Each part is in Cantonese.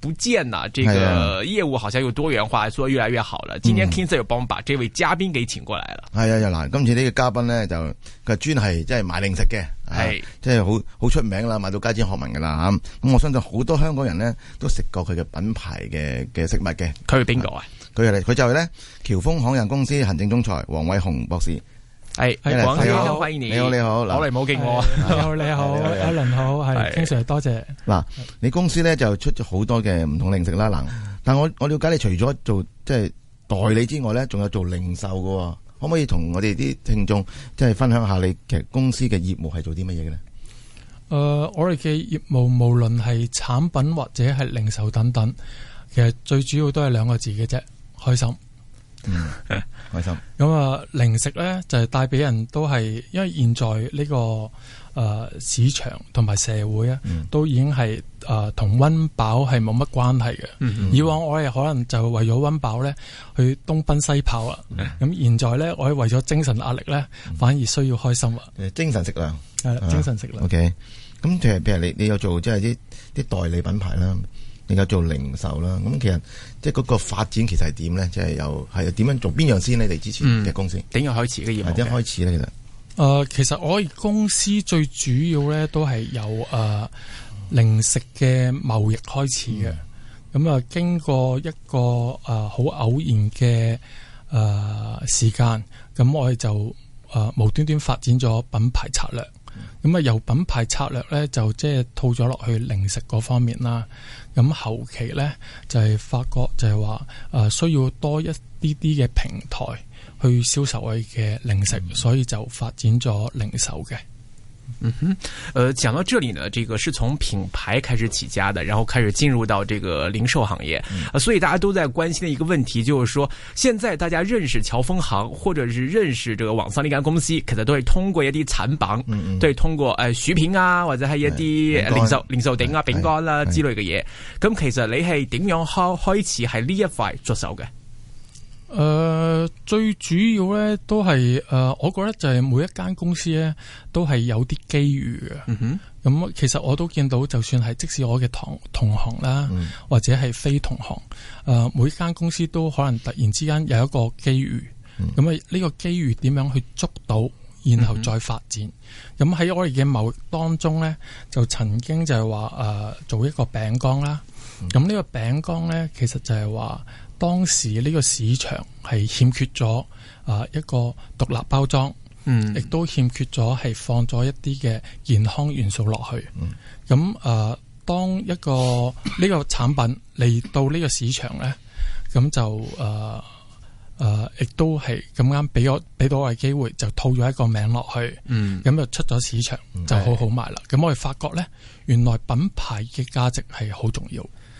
不見啦，呢、這個業務好像又多元化，做越來越好了。今天 King Sir 又幫我把這位嘉賓給請過來了。係啊、嗯，又難。今次呢個嘉賓呢，就佢專係即係賣零食嘅，係即係好好出名啦，買到街知巷聞噶啦吓。咁、啊、我相信好多香港人、啊、呢，都食過佢嘅品牌嘅嘅食物嘅。佢係邊個啊？佢係嚟，佢就係呢，僑豐行有限公司行政總裁黃偉鴻博士。係係廣州輝年，你好，好你好，好，嚟冇見。我你好你好，阿倫好，係 King Sir，多謝喇。嗱是，你公司咧就出咗好多嘅唔同零食啦，嗱，但我我了解，你除咗做即係代理之外咧，仲有做零售噶，可唔可以同我哋啲聽眾即係分享下你其實公司嘅業務係做啲乜嘢嘅咧？誒、呃，我哋嘅業務無論係產品或者係零售等等，其實最主要都係兩個字嘅啫，開心。 嗯，開心。咁啊，零食咧就係帶俾人都係，因為現在呢、這個誒、呃、市場同埋社會啊，嗯、都已經係誒同溫飽係冇乜關係嘅。嗯嗯、以往我哋可能就為咗溫飽咧去東奔西跑啊。咁、嗯、現在咧，我哋為咗精神壓力咧，反而需要開心啊。誒、嗯，精神食糧係的，精神食糧。OK. 咁譬如譬如你你有做即係啲啲代理品牌啦。就是而家做零售啦，咁其實即係嗰個發展其實係點咧？即係又係點樣做邊樣先？你哋之前嘅公司，點、嗯、樣開始嘅業務？即係開始咧，其實誒，其實我公司最主要咧都係由誒零食嘅貿易開始嘅，咁啊、嗯、經過一個誒好偶然嘅誒時間，咁我哋就誒無端端發展咗品牌策略，咁啊、嗯、由品牌策略咧就即係套咗落去零食嗰方面啦。咁後期咧就係、是、發覺就係話誒需要多一啲啲嘅平台去銷售我哋嘅零食，嗯、所以就發展咗零售嘅。嗯哼，誒、mm hmm. 呃，講到這裏呢，這個是從品牌開始起家的，然後開始進入到這個零售行業，mm hmm. 呃、所以大家都在關心的一個問題，就是說，現在大家認識僑豐行，或者是認識這個網上嘅一家公司，可能都係通過一啲殘榜，對、mm，hmm. 通過誒、呃、徐平啊，或者係一啲、mm hmm. 零售零售點啊餅乾啦之類嘅嘢，咁其實你係點樣開開始喺呢一塊着手嘅？誒、呃，最主要呢都係誒、呃，我覺得就係每一間公司呢都係有啲機遇嘅。咁、嗯哼嗯、其實我都見到，就算係即使我嘅同同行啦，嗯、或者係非同行，誒、呃，每一間公司都可能突然之間有一個機遇。咁啊、嗯，呢、嗯這個機遇點樣去捉到，然後再發展？咁喺我哋嘅貿易當中呢，就曾經就係話誒，做一個餅乾啦。咁呢個餅乾呢，其實就係話。當時呢個市場係欠缺咗啊、呃、一個獨立包裝，嗯，亦都欠缺咗係放咗一啲嘅健康元素落去。咁啊、嗯呃，當一個呢個產品嚟到呢個市場呢，咁就啊啊，亦、呃呃、都係咁啱俾我俾到我嘅機會，就套咗一個名落去，嗯，咁就出咗市場、嗯、就好好賣啦。咁是我哋發覺呢，原來品牌嘅價值係好重要。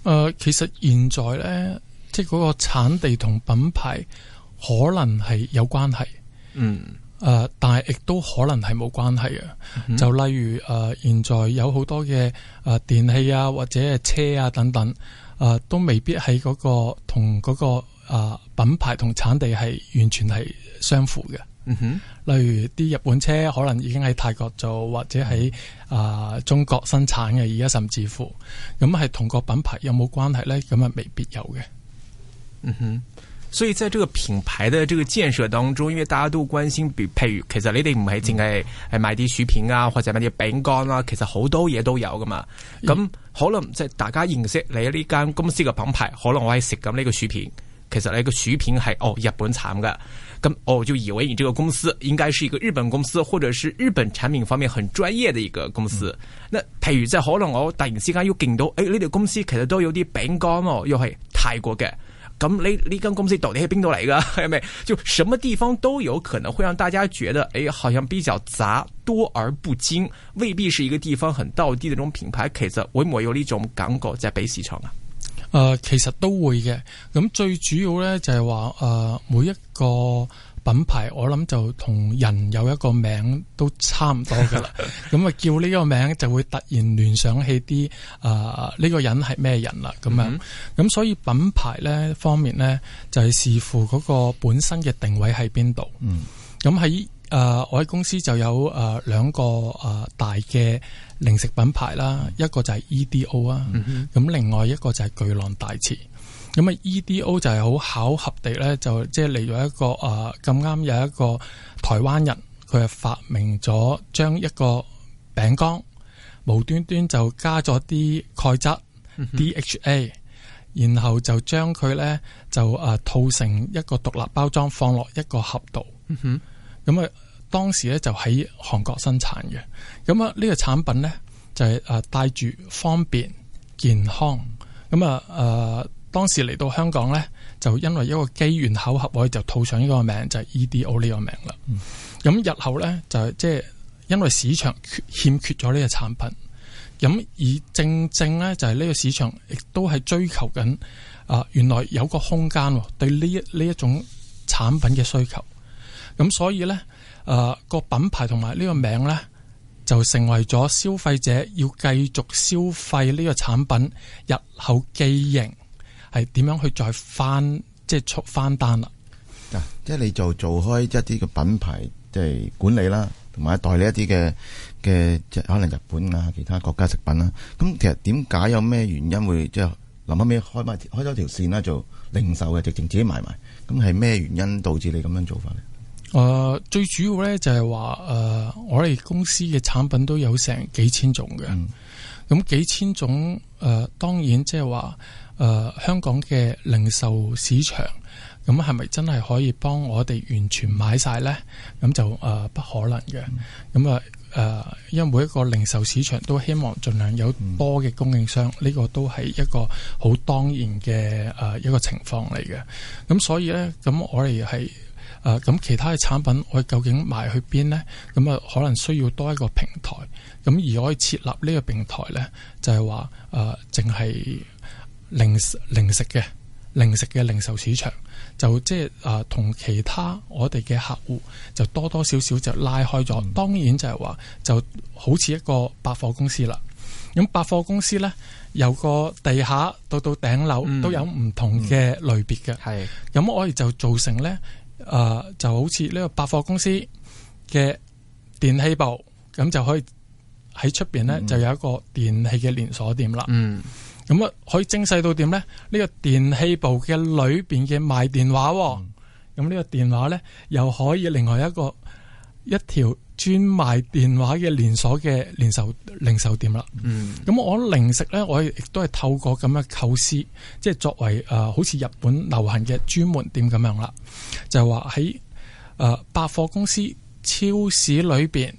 誒、呃，其實現在咧，即係個產地同品牌可能係有關係，嗯，誒、呃，但係亦都可能係冇關係嘅。嗯、就例如誒、呃，現在有好多嘅誒、呃、電器啊，或者係車啊等等，誒、呃，都未必係、嗰個同、嗰個誒、呃、品牌同產地係完全係相符嘅。嗯、例如啲日本車可能已經喺泰國做，或者喺啊、呃、中國生產嘅，而家甚至乎咁係同個品牌有冇關係呢？咁啊未必有嘅。嗯哼，所以在這個品牌的這個建設當中，因為大家都關心，比譬如其實你哋唔係淨係買啲薯片啊，或者買啲餅乾啦，其實好多嘢都有噶嘛。咁可能即係大家認識你呢間公司嘅品牌，可能我係食緊呢個薯片，其實你個薯片係哦日本產噶。咁哦，就以為你這個公司應該是一個日本公司，或者是日本產品方面很專業的一個公司。嗯、那譬如在喉嚨哦，突然之間又見到，誒你哋公司其實都有啲餅乾哦，又係泰國嘅。咁你呢間公司到底喺邊度嚟噶？係咪？就什麼地方都有可能會讓大家覺得，誒、哎，好像比較雜多而不精，未必是一個地方很道地的種品牌。其實我有呢種感覺在北市場啊。誒、呃，其實都會嘅，咁最主要呢，就係話，誒，每一個品牌，我諗就同人有一個名都差唔多噶啦，咁啊 叫呢個名就會突然聯想起啲誒呢個人係咩人啦，咁樣，咁、mm hmm. 所以品牌呢方面呢，就係、是、視乎嗰個本身嘅定位喺邊度，咁喺、mm。Hmm. 嗯誒，uh, 我喺公司就有誒兩、呃、個誒、呃、大嘅零食品牌啦。一個就係 E D O 啦、啊，咁、嗯、哼另外一個就係巨浪大詞。咁啊，E D O 就係好巧合地咧，就即係嚟咗一個誒咁啱有一個台灣人，佢係發明咗將一個餅乾無端端就加咗啲鈣質 D H A，然後就將佢咧就誒、呃、套成一個獨立包裝，放落一個盒度。嗯哼咁啊、這個，當時咧就喺韓國生產嘅。咁啊，呢個產品咧就係啊帶住方便、健康。咁啊，誒當時嚟到香港咧，就因為一個機緣巧合，我哋就套上呢個名，就係、是、EDO 呢個名啦。咁、嗯、日後咧就係即係因為市場欠缺咗呢個產品，咁而正正咧就係呢個市場亦都係追求緊啊，原來有個空間對呢一呢一種產品嘅需求。咁所以咧，誒、呃這個品牌同埋呢個名咧，就成為咗消費者要繼續消費呢個產品入口基型，係點樣去再翻即係出翻單啦？嗱、啊，即係你就做，做開一啲嘅品牌即係管理啦，同埋代理一啲嘅嘅即係可能日本啊、其他國家食品啦。咁其實點解有咩原因會即係臨尾開埋開咗條線啦？做零售嘅，直情自己買埋，咁係咩原因導致你咁樣做法咧？誒、呃，最主要呢，就係話誒，我哋公司嘅產品都有成幾千種嘅，咁、嗯嗯、幾千種誒、呃，當然即係話誒，香港嘅零售市場，咁係咪真係可以幫我哋完全買晒呢？咁就誒、呃、不可能嘅，咁啊誒，嗯嗯、因為每一個零售市場都希望盡量有多嘅供應商，呢個都係一個好當然嘅誒一個情況嚟嘅。咁所以呢，咁我哋係。誒咁、呃、其他嘅產品我究竟賣去邊呢？咁、嗯、啊可能需要多一個平台，咁而我哋設立呢個平台呢，就係話誒淨係零零食嘅零食嘅零售市場，就即係、呃、同其他我哋嘅客戶就多多少少就拉開咗。嗯、當然就係話就好似一個百貨公司啦。咁百貨公司呢，由個地下到到頂樓都有唔同嘅類別嘅，係咁、嗯嗯、我哋就造成呢。啊、呃，就好似呢個百貨公司嘅電器部，咁就可以喺出邊咧就有一個電器嘅連鎖店啦。咁啊、嗯，可以精細到點咧？呢、呢個電器部嘅裏邊嘅賣電話，咁呢個電話咧又可以另外一個一條。專賣電話嘅連鎖嘅零售零售店啦，咁、嗯、我零食呢，我亦都係透過咁嘅構思，即係作為誒、呃，好似日本流行嘅專門店咁樣啦，就話喺誒百貨公司、超市裏邊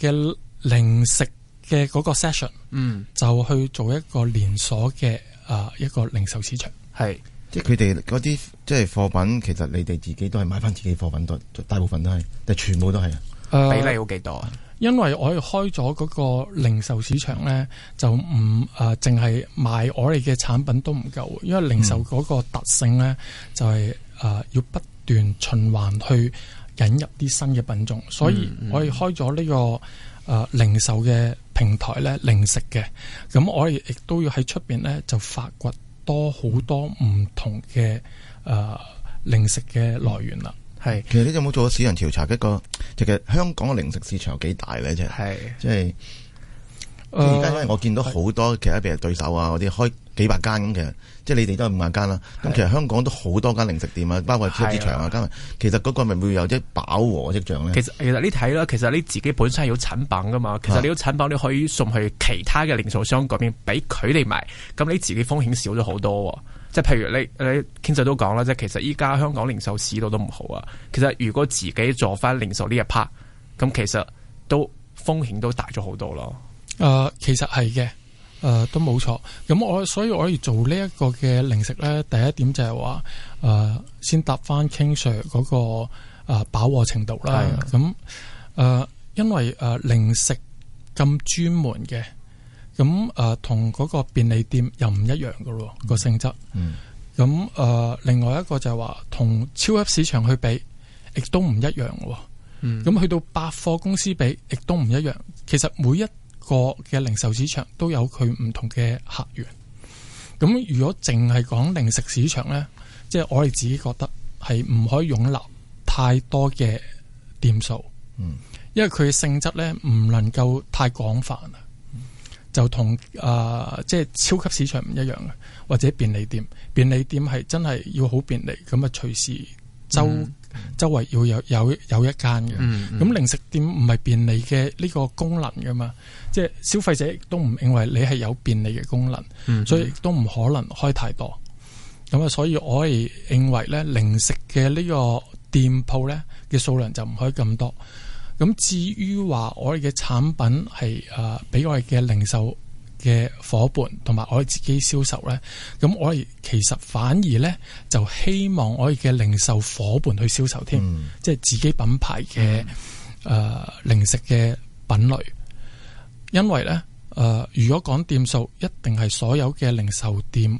嘅零食嘅嗰個 session，嗯，就去做一個連鎖嘅誒一個零售市場係是即係佢哋嗰啲即係貨品，其實你哋自己都係買翻自己貨品，都大部分都係，即全部都係啊。比例要幾多啊、呃？因為我哋開咗嗰個零售市場呢，就唔誒淨係賣我哋嘅產品都唔夠，因為零售嗰個特性呢，嗯、就係、是、誒、呃、要不斷循環去引入啲新嘅品種，所以我哋開咗呢、這個誒、呃、零售嘅平台呢，零食嘅，咁我哋亦都要喺出邊呢，就發掘多好多唔同嘅誒、呃、零食嘅來源啦。係，是其實你有冇做過市場調查？一個其實香港嘅零食市場有幾大咧？是即係即係，而家、呃、我見到好多，是其他譬如對手啊，嗰啲開幾百間咁，其實即係你哋都係五萬間啦。咁是其實香港都好多間零食店啊，包括超市場啊，咁啊其是是其。其實嗰個咪會有啲飽和嘅跡象咧。其實其實你睇啦，其實你自己本身係有產品噶嘛。其實你有產品，你可以送去其他嘅零售商嗰邊俾佢哋賣。咁你自己風險少咗好多。即係譬如你你 King Sir 都講啦，即係其實依家香港零售市道都唔好啊。其實如果自己做翻零售呢一 part，咁其實都風險都大咗好多咯。誒、呃，其實係嘅，誒、呃、都冇錯。咁我所以我要做呢一個嘅零食咧，第一點就係話誒先搭翻 King Sir 嗰個誒飽、呃、和程度啦。咁誒的、呃、因為誒、呃、零食咁專門嘅。咁誒，同嗰個便利店又唔一樣噶咯，嗯、個性質。咁誒、嗯嗯，另外一個就係話，同超級市場去比，亦都唔一樣嘅。咁、嗯、去到百貨公司比，亦都唔一樣。其實每一個嘅零售市場都有佢唔同嘅客源。咁如果淨係講零食市場呢，即係我哋自己覺得係唔可以容納太多嘅店數。嗯，因為佢嘅性質呢唔能夠太廣泛啊。就同啊、呃，即係超級市場唔一樣嘅，或者便利店。便利店係真係要好便利，咁啊隨時周、嗯、周圍要有有有一間嘅。咁、嗯嗯、零食店唔係便利嘅呢個功能㗎嘛，即係消費者亦都唔認為你係有便利嘅功能，嗯嗯、所以亦都唔可能開太多。咁啊，所以我係認為呢零食嘅呢個店鋪呢嘅數量就唔可以咁多。咁至於話我哋嘅產品係誒俾我哋嘅零售嘅伙伴同埋我哋自己銷售呢。咁我哋其實反而呢，就希望我哋嘅零售伙伴去銷售添，嗯、即係自己品牌嘅誒、嗯呃、零食嘅品類。因為呢，誒、呃，如果講店數，一定係所有嘅零售店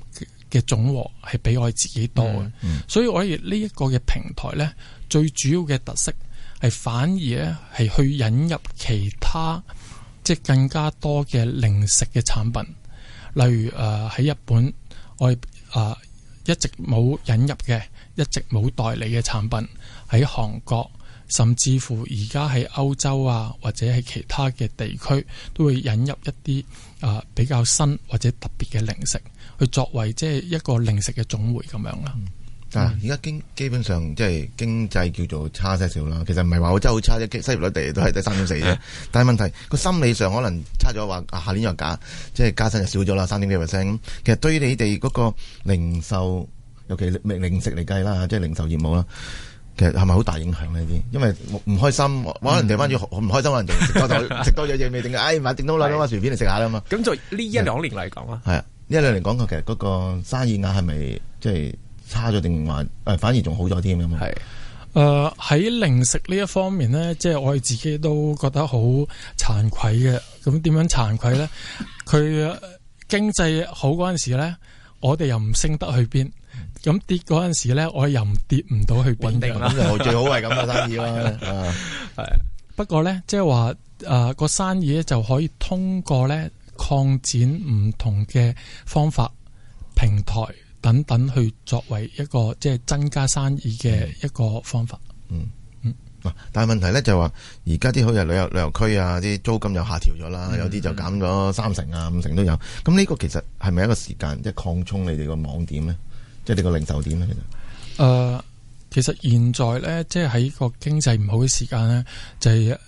嘅總和係比我自己多嘅，嗯嗯、所以我哋呢一個嘅平台呢，最主要嘅特色。係反而咧係去引入其他即係、就是、更加多嘅零食嘅產品，例如誒喺、呃、日本我哋誒一直冇引入嘅，一直冇代理嘅產品喺韓國，甚至乎而家喺歐洲啊或者係其他嘅地區都會引入一啲誒、呃、比較新或者特別嘅零食，去作為即係一個零食嘅總匯咁樣啦。嗯而家經基本上即係經濟叫做差些少啦，其實唔係話好真好差啫，失業率地都係得三點四啫。但係問題個心理上可能差咗，話下年又假，即係加薪就少咗啦，三點幾 percent。其實對於你哋嗰個零售，尤其零食嚟計啦，即係零售業務啦，其實係咪好大影響呢啲，因為唔開心，可能就翻轉唔開心，可能就食多食多咗嘢未定。哎，買整多兩包薯片嚟食下啦嘛。咁就呢一兩年嚟講啊，係啊，呢一兩年講嘅其實嗰個生意額係咪即係？差咗定還誒，反而仲好咗啲咁樣！係誒是，喺、呃、零食呢一方面咧，即、就、係、是、我哋自己都覺得 好慚愧嘅。咁點樣慚愧咧？佢經濟好嗰陣時咧，我哋又唔升得去邊；咁跌嗰陣時咧，我又唔跌唔到去邊。穩定啦， 最好係咁嘅生意啦。係不過咧，即係話誒個生意咧就可以通過咧擴展唔同嘅方法平台。等等，去作為一個即係增加生意嘅一個方法。嗯嗯。嗱、嗯啊，但係問題咧就話、是，而家啲好似旅遊旅遊區啊，啲租金又下調咗啦，嗯、有啲就減咗三成啊、五成都有。咁呢個其實係咪一個時間，即係擴充你哋個網點咧，即係你個零售點咧？其實，誒、呃，其實現在咧，即係喺個經濟唔好嘅時間咧，就係、是、誒、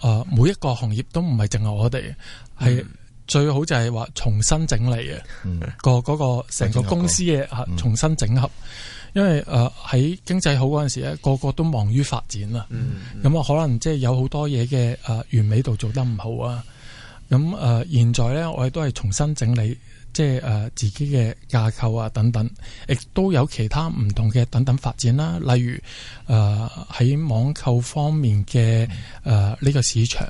呃，每一個行業都唔係淨係我哋係。嗯最好就係話重新整理嘅個嗰個成個公司嘅重新整合，嗯、因為誒喺經濟好嗰陣時咧，個個都忙於發展啦。咁啊、嗯，嗯、可能即係有好多嘢嘅誒完美度做得唔好啊。咁誒現在呢，我哋都係重新整理，即係誒自己嘅架構啊等等，亦都有其他唔同嘅等等發展啦。例如誒喺網購方面嘅誒呢個市場。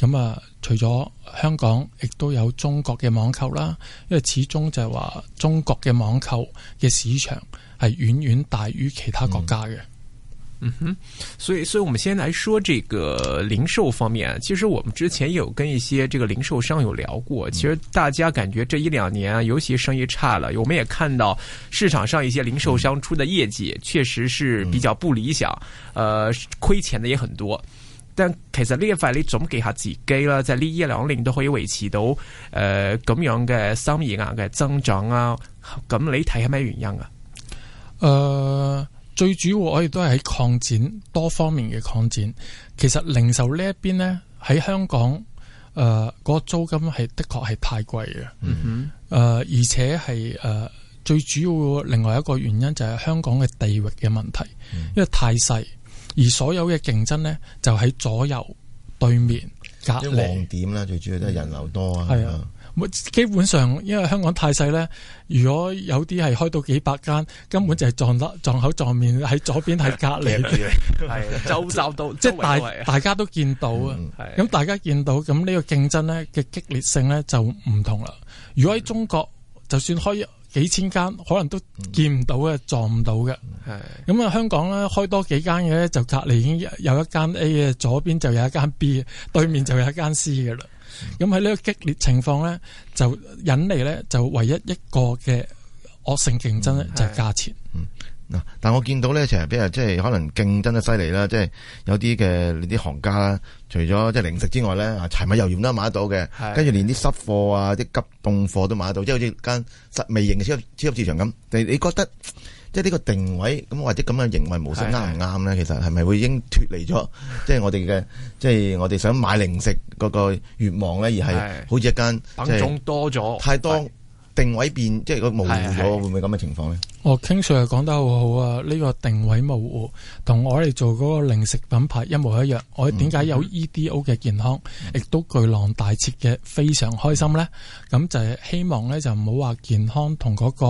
咁啊，除咗香港，亦都有中國嘅網購啦。因為始終就係話，中國嘅網購嘅市場係遠遠大於其他國家嘅。嗯哼，所以，所以我們先來說這個零售方面。其實我們之前有跟一些這個零售商有聊過。其實大家感覺這一兩年，啊，尤其生意差了，我們也看到市場上一些零售商出的業績，確實是比較不理想。呃，虧錢的也很多。但其實呢一塊你總結下自己啦，即係呢一兩年都可以維持到誒咁、呃、樣嘅生意額嘅增長啊。咁你睇係咩原因啊？誒、呃，最主要我哋都係喺擴展多方面嘅擴展。其實零售呢一邊呢，喺香港誒，呃個租金係的確係太貴嘅。嗯哼、mm。誒、hmm. 呃，而且係誒、呃、最主要另外一個原因就係香港嘅地域嘅問題，mm hmm. 因為太細。而所有嘅競爭呢，就喺左右對面隔離，即係旺點啦，最主要都係人流多啊。係啊，基本上因為香港太細呢，如果有啲係開到幾百間，根本就係撞甩、撞口、撞面喺左邊，喺隔離住，就到，即係大大家都見到啊。咁大家見到咁呢個競爭呢，嘅激烈性呢，就唔同啦。如果喺中國，就算開幾千間可能都見唔到嘅，撞唔到嘅。係咁啊，香港咧開多幾間嘅咧，就隔籬已經有一間 A 嘅，左邊就有一間 B，的對面就有一間 C 嘅啦。咁喺呢個激烈情況咧，就引嚟咧就唯一一個嘅惡性競爭咧，就係價錢。嗱，但我見到咧，其實比較即係可能競爭得犀利啦，即係有啲嘅你啲行家啦，除咗即係零食之外咧，柴米油鹽都買得到嘅，跟住是連啲濕貨啊、啲急凍貨都買得到，即係好似間實微型嘅超級超級市場咁。你你覺得即係呢個定位咁或者咁嘅營運模式啱唔啱咧？其實係咪會已經脫離咗即係我哋嘅即係我哋想買零食嗰個願望咧，而係好似一間品種多咗太多，定位變即係個模糊咗，會唔會咁嘅情況咧？ King Sir 又講得好好啊！呢、這個定位模糊，同我哋做嗰個零食品牌一模一樣。我點解有 EDO 嘅健康，亦、嗯、都巨浪大切嘅非常開心呢？咁就係希望呢，就唔好話健康同嗰、那個、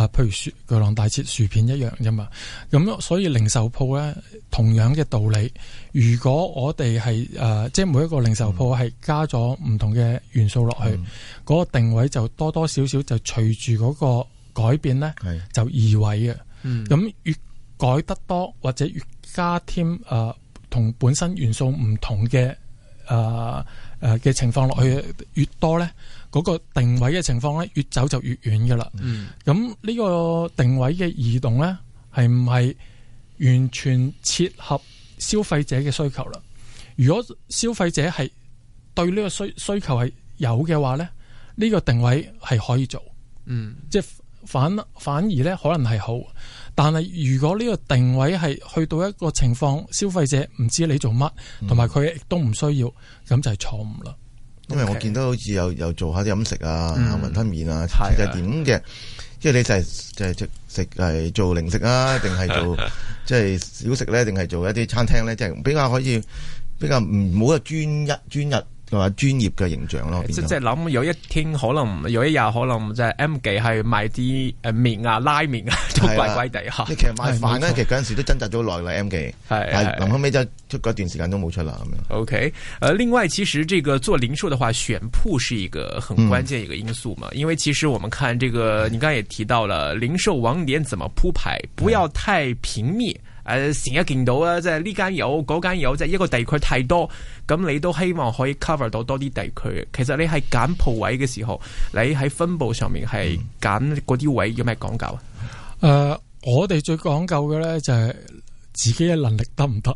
啊、譬如薯巨浪大切薯片一樣啫嘛。咁所以零售鋪呢，同樣嘅道理，如果我哋係誒，即、呃、係、就是、每一個零售鋪係加咗唔同嘅元素落去，嗰、嗯、個定位就多多少少，少就隨住嗰、那個。改變呢，是就移位嘅，咁、嗯嗯、越改得多或者越加添誒同、呃、本身元素唔同嘅誒誒嘅情況落去越多呢，嗰、嗰個定位嘅情況呢，越走就越遠噶啦。咁呢、嗯嗯呢個定位嘅移動呢，係唔係完全切合消費者嘅需求啦？如果消費者係對呢個需需求係有嘅話呢，呢、呢個定位係可以做，嗯，即反反而咧可能係好，但係如果呢個定位係去到一個情況，消費者唔知你做乜，同埋佢亦都唔需要，咁就係錯誤啦。Okay. 因為我見到好似有又做下啲飲食啊、雲、嗯、吞麵啊、其實點嘅，的即係你就係就係食食係做零食啊，定係做即係小食咧，定係做一啲餐廳咧，即、就、係、是、比較可以比較唔好咁專一專一。話專、啊、業嘅形象咯，即係諗有一天可能有一日可能就係 M 記係賣啲誒麵啊拉麵啊都怪怪地吓。啊啊、其實賣飯呢，哎、其實嗰陣時都掙扎咗好耐啦。M 記係是，臨後尾就出嗰段時間都冇出啦咁樣。OK，、嗯、另外其實這個做零售的話，選鋪是一個很關鍵一個因素嘛。嗯、因為其實我們看這個，你剛才也提到了零售網點怎麼鋪排，不要太頻密。誒，成日見到啦，即係呢間有，嗰間有，即係一個地區太多，咁你都希望可以 cover 到多啲地區。其實你係揀鋪位嘅時候，你喺分布上面係揀嗰啲位，嗯、有咩講究啊？誒、呃，我哋最講究嘅咧就係、是。自己嘅能力得唔得？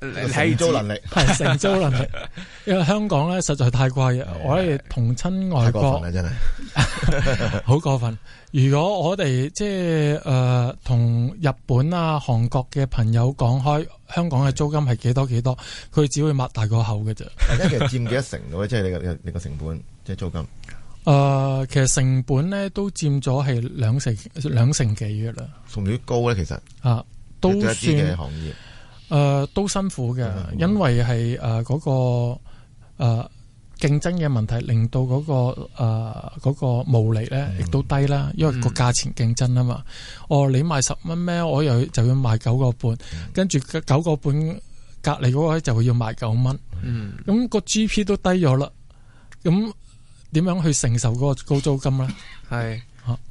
係是租能力，係承租能力。因為香港咧實在太貴， 我咧同親外國，好過， 過分。如果我哋即係誒同日本啊、韓國嘅朋友講開，香港嘅租金係幾多是幾多，佢只會擘大個口嘅啫。 其實佔幾多成度咧？即、就、係、是、你個你個成本，即、就、係、是、租金。誒、呃，其實成本咧都佔咗係兩成兩成幾嘅啦。同比高咧，其實啊。嗯嗯都嘅行業，誒、呃、都辛苦嘅，嗯、因為係誒嗰個誒競、呃、爭嘅問題，令到嗰、那個誒、呃那個毛利咧亦都低啦，嗯、因為個價錢競爭啊嘛。嗯、哦，你賣十蚊咩？我又就要賣九、嗯、個半，跟住，九個半隔籬嗰個咧就會要賣九蚊。嗯，咁、嗯、個 G P 都低咗啦。咁點樣去承受嗰個高租金咧？係。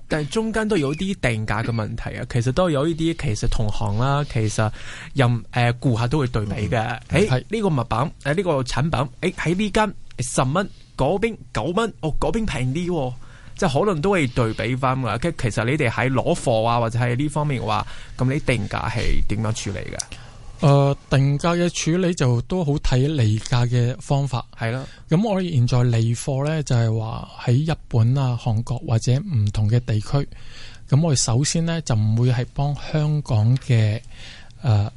但係中間都有啲定價嘅問題啊，其實都有呢啲其實同行啦，其實任誒顧、呃、客都會對比嘅。誒，呢個物品誒呢、呃這個產品，誒喺呢間十蚊，嗰邊九蚊，哦嗰邊平啲，即係可能都會對比翻噶。咁其實你哋喺攞貨啊，或者喺呢方面嘅話，咁你定價係點樣處理嘅？誒、呃，定價嘅處理就都好睇離價嘅方法係啦。咁的我哋現在離貨呢，就係話喺日本啊、韓國或者唔同嘅地區。咁我哋首先呢，就唔會係幫香港嘅誒、呃、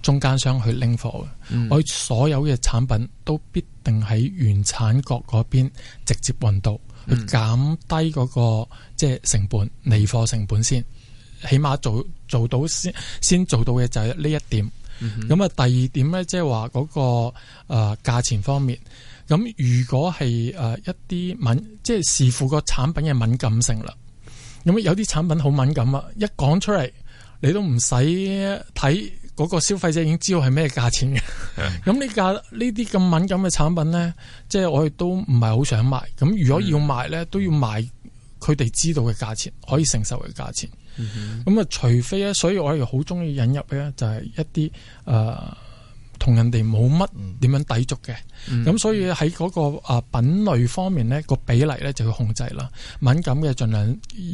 中間商去拎貨嘅。嗯、我所有嘅產品都必定喺原產國嗰邊直接運到，嗯、去減低嗰、那個即係、就是、成本離貨成本先。起碼做做到先先做到嘅就係呢一點。咁啊，嗯、第二點咧，即係話嗰個誒價錢方面。咁如果係誒一啲敏，即係視乎個產品嘅敏感性啦。咁有啲產品好敏感啊，一講出嚟你都唔使睇嗰個消費者已經知道係咩價錢嘅。咁呢價呢啲咁敏感嘅產品咧，即係我亦都唔係好想賣。咁如果要賣咧，都要賣佢哋知道嘅價錢，嗯、可以承受嘅價錢。咁啊，mm hmm。除非咧，所以我哋好中意引入嘅咧，就係一啲誒，同人哋冇乜點樣抵觸嘅。咁、mm hmm。所以喺嗰個啊品類方面咧，個比例咧就要控制啦。敏感嘅盡量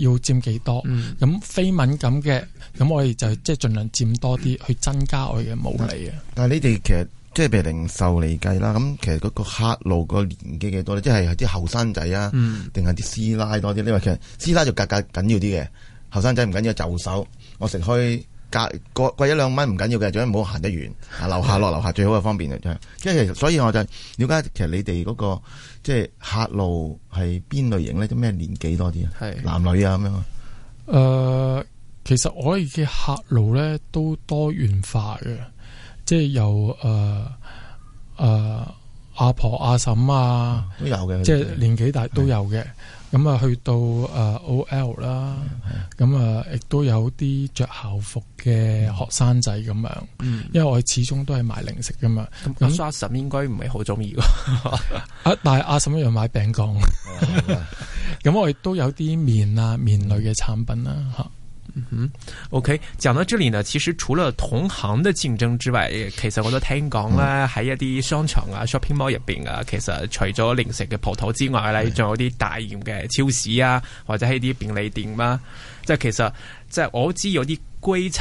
要佔幾多，咁、mm hmm。非敏感嘅，咁我哋就即係盡量佔多啲，去增加我哋嘅毛利啊。但係你哋其實即係譬如零售嚟計啦，咁其實嗰個客路個年紀幾多咧？即係啲後生仔啊，定係啲師奶多啲？因為其實師奶就價格緊要啲嘅。後生仔唔緊要，就手，我食開隔貴貴一兩蚊唔緊要嘅，總之唔好行得遠，樓下落樓下最好嘅是的 方便嘅，即係其實所以我就了解其實你哋嗰、嗰個即係客路係邊類型咧，啲咩年紀多啲啊？是的 男女啊咁樣？誒、呃，其實我哋嘅客路咧都多元化嘅，即係由誒誒。呃呃阿婆阿嬸啊，都有嘅，即係年紀大都有嘅。咁啊，去到誒 O L 啦，咁啊，亦都有啲着校服嘅學生仔咁樣。因為我始終都係賣零食噶嘛。咁阿嬸應該唔係好中意啊，但係阿嬸一樣買餅乾。咁我亦都有啲麵啊、麵類嘅產品啦。嗯哼，OK，講到呢裏呢，其實除了同行的競爭之外，其實我都聽講啦，喺、嗯、一啲商場啊、shopping mall 入邊啊，其實除咗零食嘅鋪頭之外呢，仲、嗯、有啲大型嘅超市啊，或者係啲便利店啦、啊，即係其實即係我知有啲規則。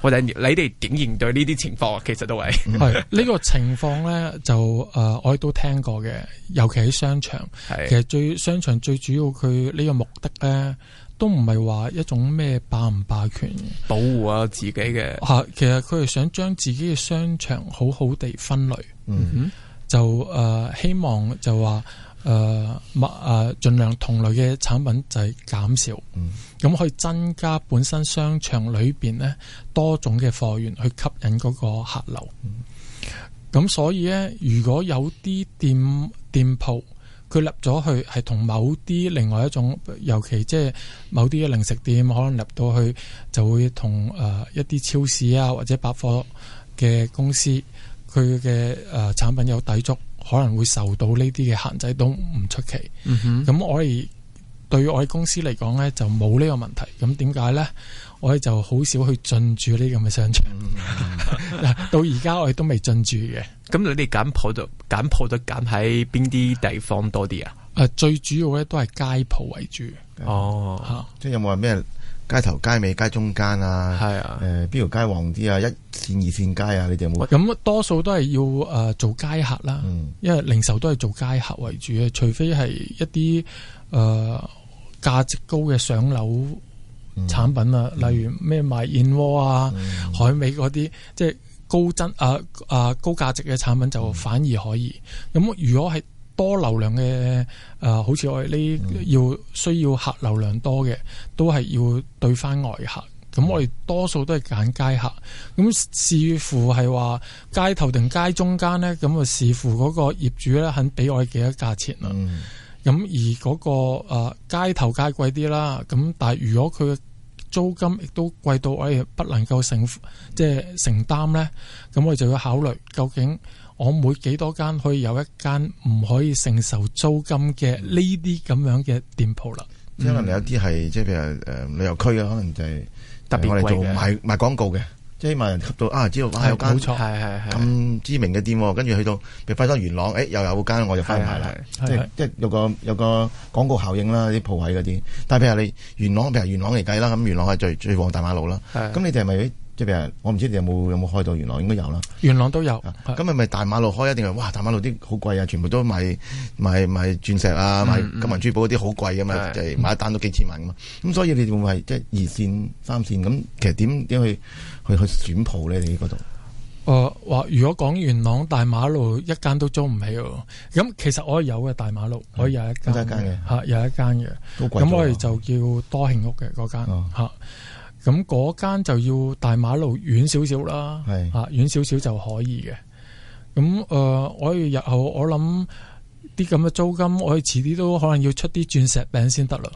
或者你哋點應對呢啲情況？其實都係、嗯，係呢 個情況咧就誒、呃，我亦都聽過嘅。尤其喺商場，係，其實最商場最主要佢呢個目的咧，都唔係話一種咩霸唔霸權，保護啊自己嘅。吓、啊，其實佢係想將自己嘅商場好好地分類。嗯哼，就誒、呃、希望就話。誒，物誒、呃，盡、啊、量同類嘅產品就係減少，咁、嗯、可以增加本身商場裏邊呢多種嘅貨源去吸引嗰個客流。咁、嗯、所以呢，如果有啲店店鋪佢立咗去，係同某啲另外一種，尤其即係某啲嘅零食店可能立到去，就會同誒一啲超市啊或者百貨嘅公司佢嘅誒產品有抵觸。可能會受到呢啲嘅限制都唔出奇。咁、嗯、哼我哋對於我哋公司嚟講咧就冇呢個問題。咁點解咧？我哋就好少去進駐呢咁嘅商場。到而家我哋都未進駐嘅。咁 你哋揀鋪就揀鋪都揀喺邊啲地方多啲啊？誒，最主要咧都係街鋪為主。哦，嗯、即係有冇話咩？街頭、街尾、街中間啊，係啊，誒邊條街旺啲啊？一線、二線街啊，你哋有冇？咁、嗯嗯、多數都係要誒、呃、做街客啦，因為零售都係做街客為主啊。除非係一啲誒、呃、價值高嘅上樓產品啊，嗯嗯、例如咩賣燕窩啊、嗯、海味嗰啲，即係高質啊啊高價值嘅產品就反而可以。咁、嗯嗯嗯嗯、如果係。多流量嘅啊、呃，好似我哋呢要需要客流量多嘅，嗯、都係要對翻外客。咁我哋多數都係揀街客。咁視乎係話街頭定街中間咧，咁啊視乎嗰個業主咧肯俾我哋幾多價錢啦。咁、嗯、而嗰、嗰個啊、呃、街頭街貴啲啦，咁但係如果佢嘅租金亦都貴到我哋不能夠承即係、即係、承擔咧，咁我哋就要考慮究竟。我每幾多間可以有一間唔可以承受租金嘅呢啲咁樣嘅店鋪啦、嗯？因為有啲係即係譬如誒旅遊區嘅，可能就係、係、特別貴、呃、我哋做賣賣廣告嘅，即係萬人吸到啊，知道哇、啊、有間，冇錯，係係係咁知名嘅店，跟住去到譬如翻到元朗，誒、哎、又有間，我就翻牌啦，係係係係即係有個有個廣告效應啦，啲鋪位嗰啲。但係譬如你元朗，譬如元朗嚟計啦，咁元朗係最最旺大馬路啦，咁是是 你哋係咪？即係我唔知你有冇有冇開到元朗，應該有啦。元朗都有，咁係咪大馬路開一定係？哇，大馬路啲好貴啊！全部都賣賣賣鑽石啊，賣金銀珠寶啲好貴噶嘛，就係買一單都幾千萬噶嘛。咁所以你會唔會即係二線、三線？咁其實點點去去去選鋪咧？你度？我話如果講元朗大馬路一間都租唔起，咁其實我有嘅大馬路，我有一間，有一間嘅吓，有一間嘅。咁我哋就叫多慶屋嘅嗰間吓。咁嗰間就要大馬路遠少少啦，係是、啊、遠少少就可以嘅。咁誒、呃，我哋日後我諗。啲咁嘅租金，我哋遲啲都可能要出啲鑽石餅先得咯。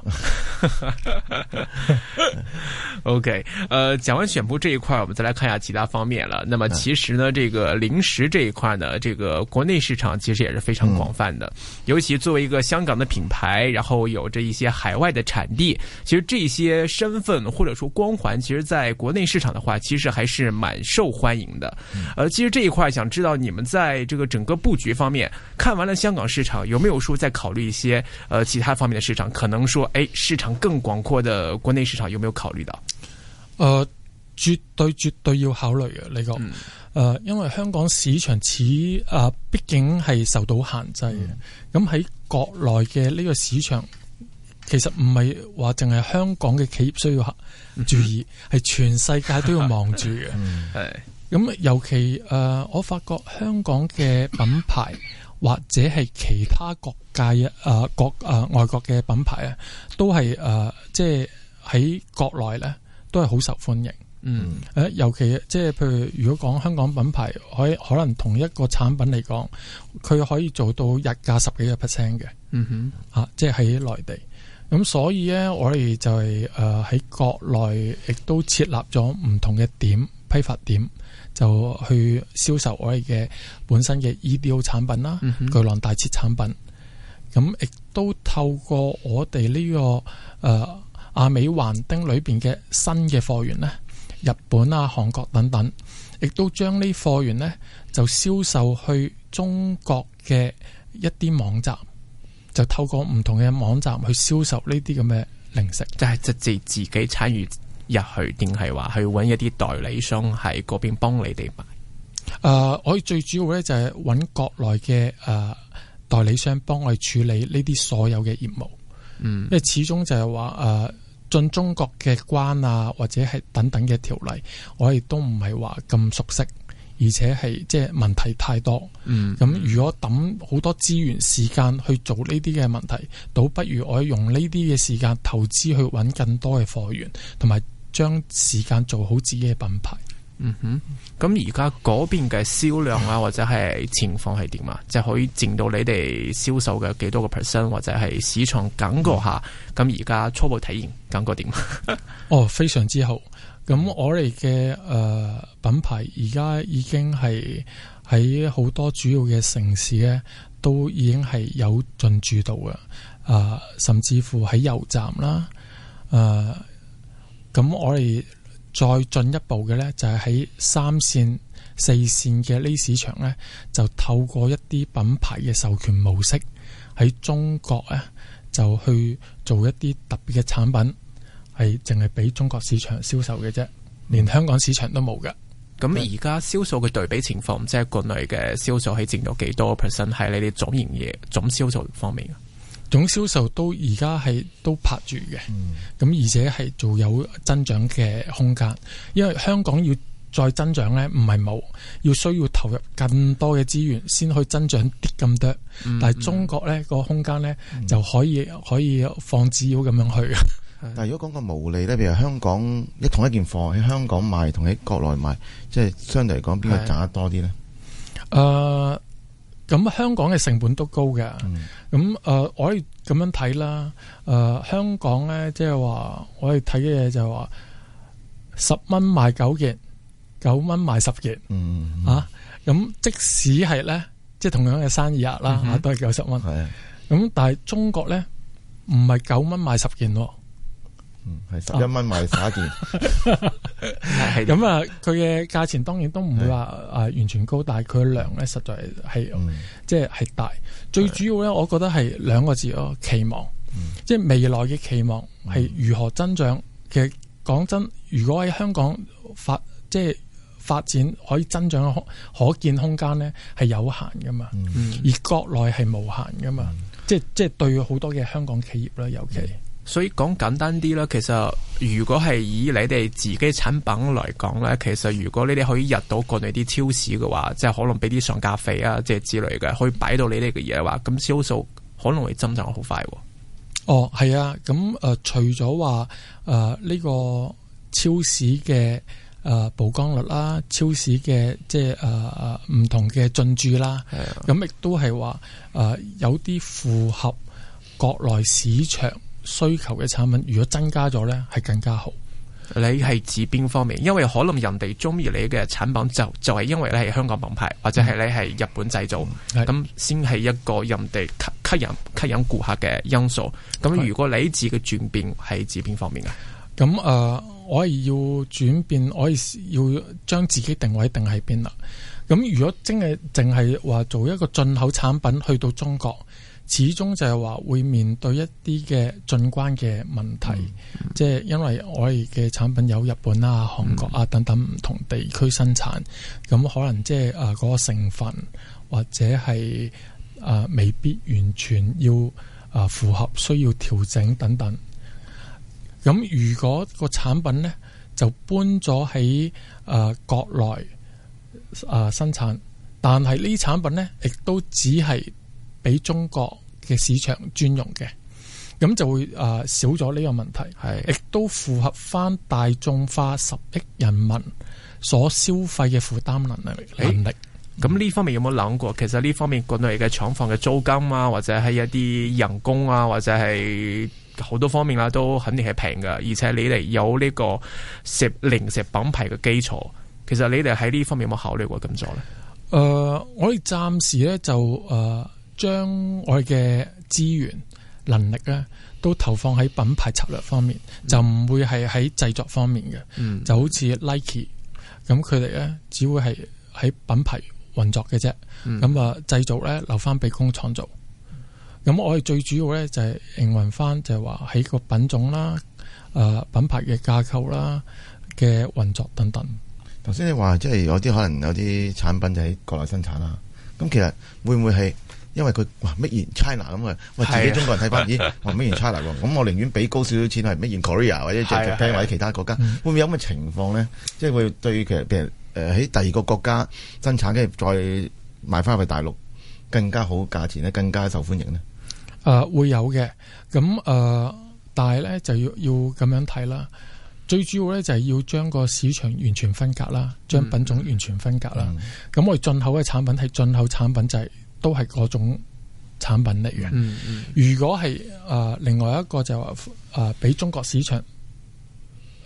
OK，呃、uh,，講完選鋪這一塊，我們再來看一下其他方面了。那麼其實呢，這個零食這一塊呢，這個國內市場其實也是非常廣泛的。嗯、尤其作為一個香港的品牌，然後有着一些海外的產地，其實這些身份或者說光環，其實在國內市場的話，其實還是蠻受歡迎的。呃，其實這一塊，想知道你們在這個整個佈局方面，看完了香港市場。有沒有說再考慮一些，呃，其他方面的市場？可能說，誒、欸，市場更廣闊的國內市場有沒有考慮到？呃，絕對絕對要考慮啊。呢個，誒、嗯呃，因為香港市場此誒，畢、啊、竟係受到限制嘅。咁喺、嗯、國內嘅呢個市場，其實唔係話淨係香港嘅企業需要注意，係、嗯、哼全世界都要望住嘅。係咁，尤其誒、呃，我發覺香港嘅品牌。或者係其他國界啊、呃、國啊、呃、外國嘅品牌啊，都係誒、呃，即係喺國內咧，都係好受歡迎。嗯，誒、呃，尤其即係譬如，如果講香港品牌，喺可，可能同一個產品嚟講，佢可以做到日價十幾個 percent 嘅。嗯哼，啊，即係喺內地，咁、啊、所以咧，我哋就係誒喺國內亦都設立咗唔同嘅點批發點。就去銷售我哋嘅本身嘅 E D O 產品啦，嗯、哼巨浪大切產品，咁亦都透過我哋呢、這個誒阿、呃、美環丁裏邊嘅新嘅貨源咧，日本啊、韓國等等，亦都將呢貨源咧就銷售去中國嘅一啲網站，就透過唔同嘅網站去銷售呢啲咁嘅零食，就係直接自己參與。入去定係話去揾一啲代理商喺嗰邊幫你哋買？誒、呃，我最主要咧就係揾國內嘅誒、呃、代理商幫我哋處理呢啲所有嘅業務。嗯，因為始終就係話誒進中國嘅關啊，或者係等等嘅條例，我亦都唔係話咁熟悉，而且係即係問題太多。嗯，咁如果抌好多資源時間去做呢啲嘅問題，嗯嗯、倒不如我用呢啲嘅時間投資去揾更多嘅貨源，同埋。將時間做好自己嘅品牌，嗯哼，咁而家嗰邊嘅銷量啊，或者係情況係點啊？就是，可以佔到你哋銷售嘅幾多個 percent，或者係市場感覺下。咁而家初步體驗感覺點？ 哦，非常之好。咁我哋嘅誒品牌而家已經係喺好多主要嘅城市咧，都已經係有進駐到嘅。誒、呃，甚至乎喺油站啦，誒、呃。咁我哋再進一步嘅呢，就係、是、喺三線、四線嘅呢市場呢，就透過一啲品牌嘅授權模式，喺中國呢就去做一啲特別嘅產品，係淨係俾中國市場銷售嘅啫，連香港市場都冇嘅。咁而家銷售嘅對比情況，即係國內嘅銷售係佔到幾多個 percent 喺你哋總營業總銷售方面？總銷售都而家係都拍住嘅，咁、嗯、而且係仲有增長嘅空間。因為香港要再增長呢，唔係冇，要需要投入更多嘅資源先去增長啲咁多。但係中國呢、嗯嗯、個空間呢，嗯、就可以可以放紙鷂咁樣去。嗯、 但係如果講個毛利呢，譬如香港你同一件貨喺香港賣同喺國內賣，即係相對嚟講邊個賺得多啲呢？誒。呃咁香港嘅成本都高嘅，咁誒、嗯嗯呃、我哋咁樣睇啦，誒、呃、香港咧即係話我哋睇嘅嘢就係話十蚊賣九件，九蚊賣十件，嗯嗯、啊咁即使係咧即係同樣嘅生意額啦，嗯、哼都係九十蚊，咁的、嗯、但係中國咧唔係九蚊賣十件喎。嗯，係一蚊賣十一件，咁啊，佢嘅價錢當然都唔會話誒完全高，え careers 但係佢嘅量咧實在係即係大，嗯、最主要咧，我覺得係兩個字咯，期望，即係、嗯、未來嘅期望係如何增長嘅、嗯。其實講真，如果喺香港發即係發展可以增長嘅空可見空間咧，係有限噶嘛，嗯、而國內係無限噶嘛，嗯嗯、即係即係對好多嘅香港企業啦，尤其。嗯所以講簡單啲啦，其實如果係以你哋自己產品嚟講咧，其實如果你哋可以入到國內啲超市嘅話，即係可能俾啲上架費啊，即係之類嘅，可以擺到你哋嘅嘢嘅話，咁銷售可能會增長好快。哦，係啊，咁誒，除咗話誒呢個超市嘅誒曝光率啦，超市嘅即係誒誒唔同嘅進駐啦，係啊，咁亦都係話誒有啲符合國內市場。需求嘅產品，如果增加咗呢，係更加好。你係指邊方面？因為可能人哋中意你嘅產品就，就就是，係因為你係香港品牌，或者係你係日本製造，咁先係一個人哋吸吸引吸引顧客嘅因素。咁如果你自己轉變係是指邊方面嘅？咁誒，我、呃、係要轉變，我係要將自己定位定喺邊啦。咁如果真係淨係話做一個進口產品去到中國？始終就係話會面對一啲嘅進關嘅問題，即係、嗯、因為我哋嘅產品有日本啊、韓國啊等等唔同地區生產，咁、嗯、可能即係啊嗰個成分或者係啊、呃、未必完全要啊、呃、符合需要調整等等。咁如果個產品呢，就搬咗喺啊國內啊、呃、生產，但係呢產品呢，亦都只係。俾中國嘅市場專用嘅，咁就會誒、呃、少咗呢個問題，係亦的都符合翻大眾化十億人民所消費嘅負擔能力能力。咁呢方面有冇諗過？其實呢方面國內嘅廠房嘅租金啊，或者係一啲人工啊，或者係好多方面啦，都肯定係平噶。而且你哋有呢個食零食品牌嘅基礎，其實你哋喺呢方面有冇考慮過咁做咧？誒、呃，我哋暫時咧就誒。呃將我哋嘅資源能力咧，都投放喺品牌策略方面，嗯、就唔會係喺製作方面嘅。嗯、就好似 Nike 咁，佢哋咧只會係喺品牌運作嘅啫。咁啊、嗯，製造咧留翻俾工廠做。咁我哋最主要咧就係營運翻，就係話喺個品種啦、誒、呃、品牌嘅架構啦嘅運作等等。頭先你話即係有啲可能有啲產品就喺國內生產啦，咁其實會唔會係？因為佢哇，乜嘢 China 咁啊？喂，自己中國人睇翻是、啊、咦？China, 嗯、我乜嘢 China 喎？咁我寧願俾高少少錢係乜嘢 Korea 或者 Japan 是、啊、或者其他國家，是啊嗯、會唔會有乜情況咧？即係會對其實譬如誒喺、呃、第二個國家生產跟住再賣翻去大陸，更加好價錢咧，更加受歡迎呢？誒、呃，會有嘅，咁誒、呃，但係咧就要要咁樣睇啦。最主要咧就係、是、要將個市場完全分隔啦，將品種完全分隔啦。咁我哋進口嘅產品係進口產品就係、是。都係嗰種產品嚟嘅。嗯嗯、如果係誒、呃，另外一個就話、是、誒，俾、呃、中國市場誒、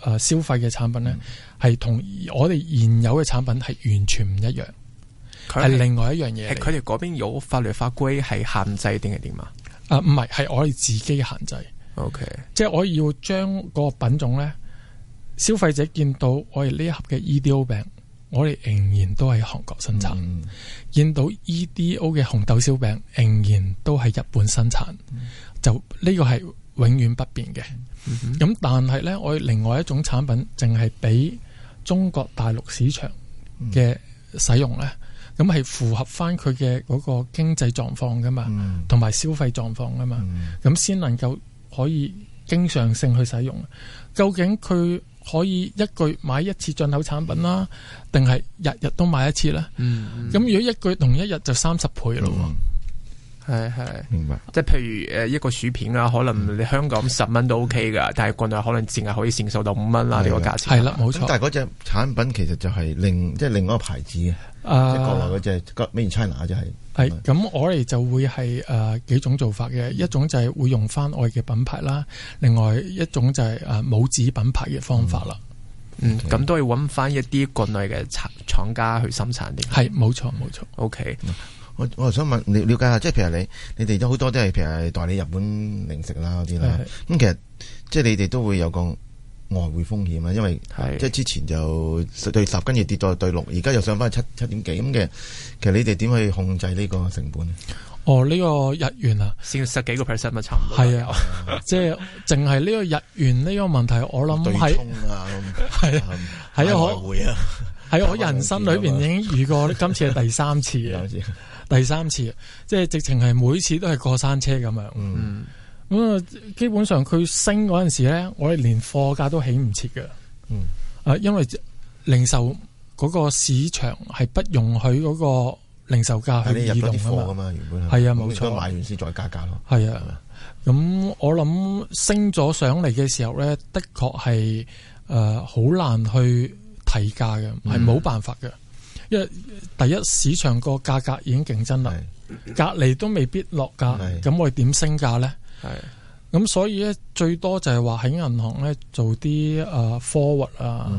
呃、消費嘅產品咧，係同、嗯、我哋現有嘅產品係完全唔一樣，係們另外一樣嘢。係佢哋嗰邊有法律法規係限制定係點啊？啊、呃，唔係，係我哋自己嘅限制。O Okay . K，即係我要將嗰個品種咧，消費者見到我哋呢盒嘅 E D O 餅。我哋仍然都係韓國生產，嗯、見到 EDO 嘅紅豆燒餅仍然都係日本生產，嗯、就呢個係永遠不變嘅。咁、嗯、哼但係呢，我哋另外一種產品，淨係俾中國大陸市場嘅使用呢，咁係、嗯、符合翻佢嘅嗰個經濟狀況噶嘛，同埋、嗯、消費狀況噶嘛，咁先、嗯、能夠可以經常性去使用。究竟佢可以一個月買一次進口產品啦，定係日日都買一次呢？咁、嗯嗯、如果一個月同一日就三十倍咯。嗯係係，明白，即係譬如誒，一個薯片啦，可能你香港十蚊都 OK 噶，但係國內可能淨係可以承受到五蚊啦，呢個價錢係啦，冇錯。但係嗰隻產品其實就係另即係另外一個牌子嘅，即係國內嗰隻個 Made in China 就係。係咁，我哋就會係誒幾種做法嘅，一種就係會用翻外嘅品牌啦，另外一種就係誒母子品牌嘅方法啦。嗯，咁都要搵翻一啲國內嘅廠廠家去生產啲，係冇錯冇錯，OK。我我又想問你，了解下，即係譬如你你哋都好多都係譬如代理日本零食啦嗰啲啦，咁是是 其實即係你哋都會有個外匯風險啊，因為即係是是 之前就對十跟住跌到對六，而家又上翻去七七點幾咁嘅。其實你哋點去控制呢個成本？哦，呢、呢個日元啊，先十幾個 percent 都差係啊！ 即係淨係呢個日元呢個問題，我諗係係啊，我、嗯、喺 啊。喺我，啊、我人生裏邊 已經遇過，今次係第三次啊！ 第三次，即係直情係每次都係過山車咁樣。嗯，咁啊、嗯，基本上佢升嗰陣時咧，我哋連貨價都起唔切嘅。嗯，啊，因為零售嗰個市場係不容許嗰個零售價去移動啊嘛。你入咗貨啊嘛，原本係啊冇錯，錯買完先再加價咯。係啊，咁我諗升咗上嚟嘅時候咧，的確係誒好難去提價嘅，係冇辦法嘅。因為第一市場個價格已經競爭啦，是隔籬都未必落價，咁是我哋點升價咧？咁是所以咧，最多就係話喺銀行咧做啲啊 forward 啊，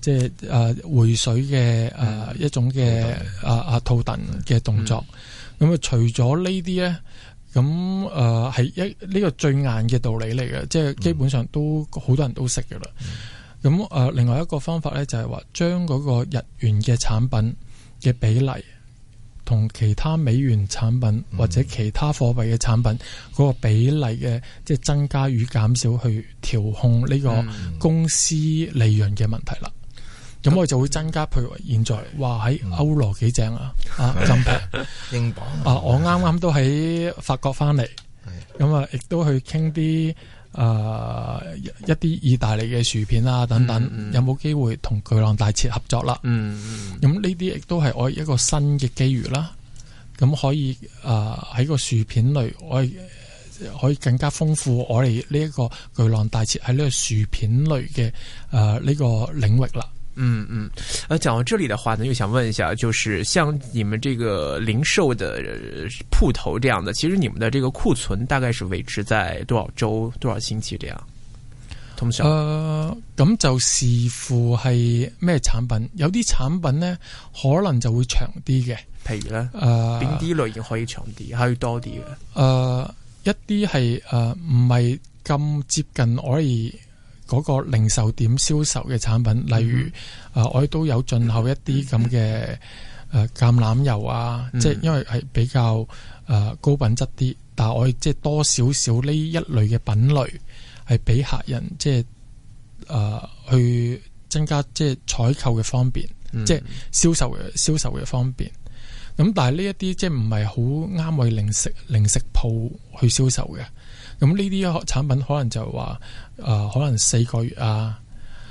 即係啊匯水嘅啊一種嘅啊啊套戥嘅動作。咁啊、嗯，嗯、除咗呢啲咧，咁誒係一呢個最硬嘅道理嚟嘅，即、就、係、是、基本上都好、嗯、多人都識噶啦。嗯咁誒，另外一個方法咧，就係話將嗰個日元嘅產品嘅比例，同其他美元產品或者其他貨幣嘅產品嗰個比例嘅即係增加與減少去調控呢個公司利潤嘅問題啦。咁、嗯、我就會增加，譬如現在哇，喺、哎嗯、歐羅幾正啊，啊咁平， 英鎊啊，啊，我啱啱都喺法國翻嚟，咁啊，亦都去傾啲。誒、呃、一啲意大利嘅薯片啊等等，嗯嗯、有冇機會同巨浪大蝕合作啦、嗯？嗯，咁呢啲亦都係我一個新嘅機遇啦。咁可以誒喺、呃、個薯片類，我可，可以更加豐富我哋呢一個巨浪大蝕喺呢個薯片類嘅誒呢個領域啦。嗯嗯，誒，講到這裏的話，呢又想問一下，就是像你們這個零售的鋪頭這樣的，其實你們的這個庫存大概是維持在多少周，多少星期這樣？通常咁，呃、就視乎係咩產品，有啲產品呢，可能就會長啲嘅，譬如咧，誒、呃，邊啲類型可以長啲，可以多啲嘅？誒、呃，一啲係誒唔係咁接近可以。嗰個零售點銷售嘅產品，例如啊、嗯呃，我都有進口一啲咁嘅誒橄欖油啊，嗯、即係因為係比較誒、呃、高品質啲，但係我即係多少少呢一類嘅品類係俾客人即係誒、呃、去增加即係採購嘅方便，嗯、即係銷售嘅銷售嘅方便。咁但係呢一啲即係唔係好啱為零食零食鋪去銷售嘅。咁呢啲產品可能就話，誒、呃、可能四個月啊。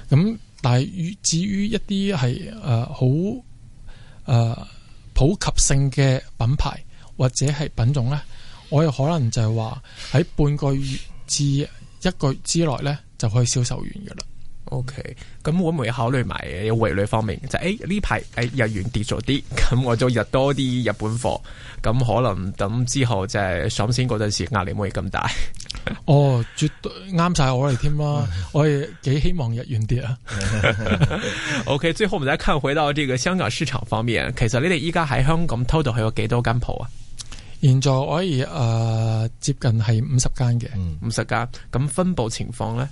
咁、嗯、但係於至於一啲係誒好誒普及性嘅品牌或者係品種咧，我又可能就係話喺半個月至一個月之內咧，就可以銷售完㗎喇。O K，咁會唔會考慮埋有匯率方面，就誒呢排誒日元跌咗啲，咁我就入多啲日本貨，咁可能咁之後就係上先嗰陣時壓力唔會咁大。哦，絕對啱晒我哋添啦， 我哋幾希望日元跌啊。 o、okay, K，最後我們再看回到呢個香港市場方面，其實你哋依家喺香港 total 係有幾多間鋪啊？現在可以誒、呃、接近係五十間嘅，五十間咁分佈情況咧？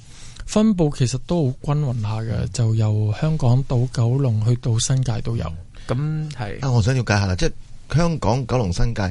分布其實都好均勻下嘅，就由香港到九龍去到新界都有。咁係、嗯、啊，我想了解下啦，即係香港、九龍、新界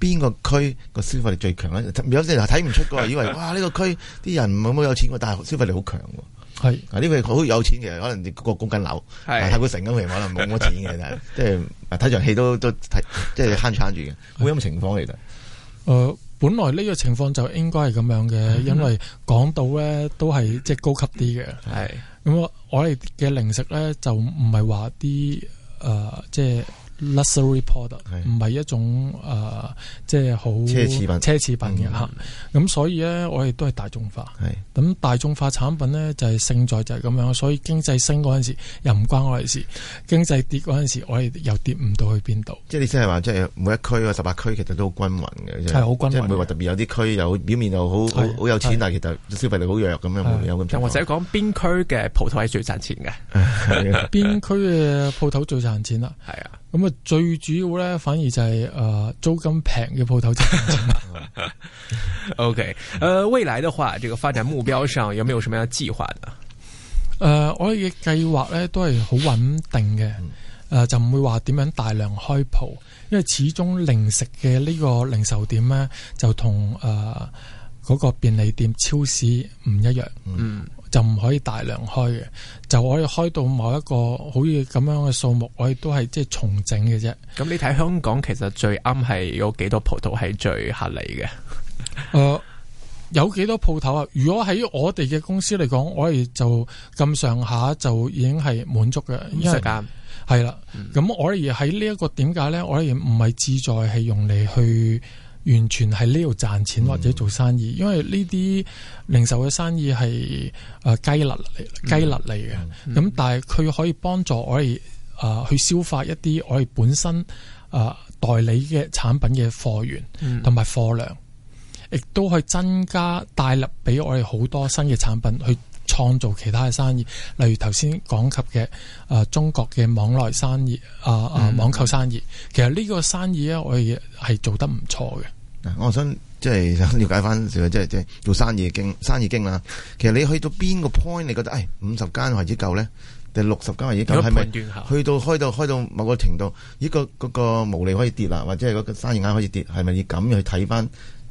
邊個區個消費力最強咧？有啲人睇唔出嘅，以為 哇呢、這個區啲人冇乜有錢，但係消費力好強嘅。係啊，呢個好有錢嘅。是啊這個、可能你個供緊樓係太古城咁，佢可能冇乜多錢嘅， 即係睇場戲都都即係慳住慳住嘅，咁情況嚟嘅。誒是。 啊本來呢個情況就應該係咁樣嘅，嗯、因為港島咧都係即係高級啲嘅。係咁是、嗯，我我哋嘅零食咧就唔係話啲誒，即、呃、係。就是 luxury product 唔係一種誒，即係好奢侈品，奢侈品嘅吓。咁、嗯、所以咧，我哋都係大眾化。係咁是大眾化產品咧，就係、是、勝在就係咁樣。所以經濟升嗰陣時，又唔關我哋事；經濟跌嗰陣時，我哋又跌唔到去邊度。即係你即係話，即、就、係、是、每一區十八區，區其實都好均勻嘅，係好均勻，即係唔會話特別有啲區有表面又好，好，好，好有錢，是但係其實消費力好弱弱咁樣，有咁的。或者講邊區嘅鋪頭係最賺錢嘅？邊區嘅鋪頭最賺錢啦，係啊。咁啊，最主要咧，反而就係、是、誒、呃、租金平嘅鋪頭就 OK、呃。誒，未來嘅話，這個發展目標上有沒有什麼樣嘅計劃呢？誒、呃，我哋嘅計劃咧都係好穩定嘅，誒、呃、就唔會話點樣大量開鋪，因為始終零食嘅呢個零售點咧就同誒嗰個便利店、超市唔一樣。嗯。就唔可以大量開嘅，就可以開到某一個好似咁樣嘅數目，我哋都係即係重整嘅啫。咁你睇香港其實最啱係有幾多鋪頭係最合理嘅？誒、 呃，有幾多鋪頭啊？如果喺我哋嘅公司嚟講，我哋就咁上下就已經係滿足嘅。時間係啦，咁、嗯、我哋喺呢一個點解呢？我哋唔係志在係用嚟去。完全係呢度賺錢或者做生意，嗯、因為呢啲零售嘅生意係誒雞肋嚟，雞肋嚟嘅。咁、嗯嗯、但係佢可以幫助我哋誒、呃、去消化一啲我哋本身誒、呃、代理嘅產品嘅貨源，同埋貨量，嗯、亦都可以增加帶嚟俾我哋好多新嘅產品去創造其他嘅生意。例如頭先講及嘅誒、呃、中國嘅網內生意，啊、呃、啊網購生意。嗯嗯、其實呢個生意咧，我哋係做得唔錯嘅。我想即係想了解翻，即係即係做生意經生意經啦。其實你去到邊個 point，你覺得誒五十間或者夠咧？定六十間或者夠？係咪去到開到開到，開到某個程度，呢個嗰個毛利可以跌啦，或者係嗰個生意額可以跌？係咪要咁樣去睇翻？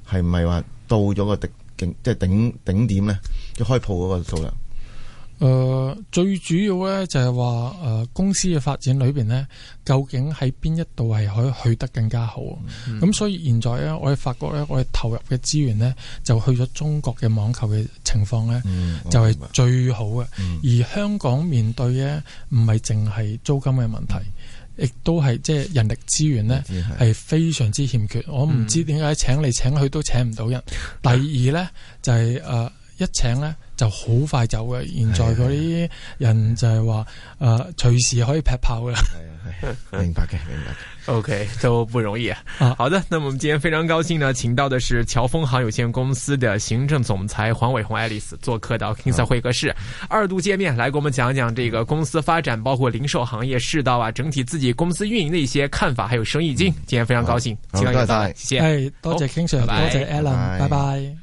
係咪話到咗個頂頂即係頂頂點咧？即開鋪嗰個數量？誒、呃，最主要呢，就係話誒，公司嘅發展裏邊呢，究竟喺邊一度係可以去得更加好？咁、嗯、所以現在呢，我哋發覺呢，我哋投入嘅資源呢，就去咗中國嘅網球嘅情況呢，嗯、就係最好嘅。嗯、而香港面對呢，唔係淨係租金嘅問題，亦都係即係人力資源呢，係非常之欠缺。我唔知點解請嚟，請去都請唔到人。嗯、第二呢，就係、是、誒、呃，一請呢。 就好快走嘅，現在嗰啲人就係話，誒，隨時可以劈炮嘅。係啊係，明白嘅明白嘅。O K，都不容易。好嘅，那麼我們今天非常高興呢，請到的是僑豐行有限公司的行政總裁黃偉鴻 Alice 做客到 King Sir 會客室，二度見面，來給我們講講這個公司發展，包括零售行業市道啊，整體自己公司運營的一些看法，還有生意經。今天非常高興，多謝晒，係多謝 King Sir，多謝 Alan，拜拜。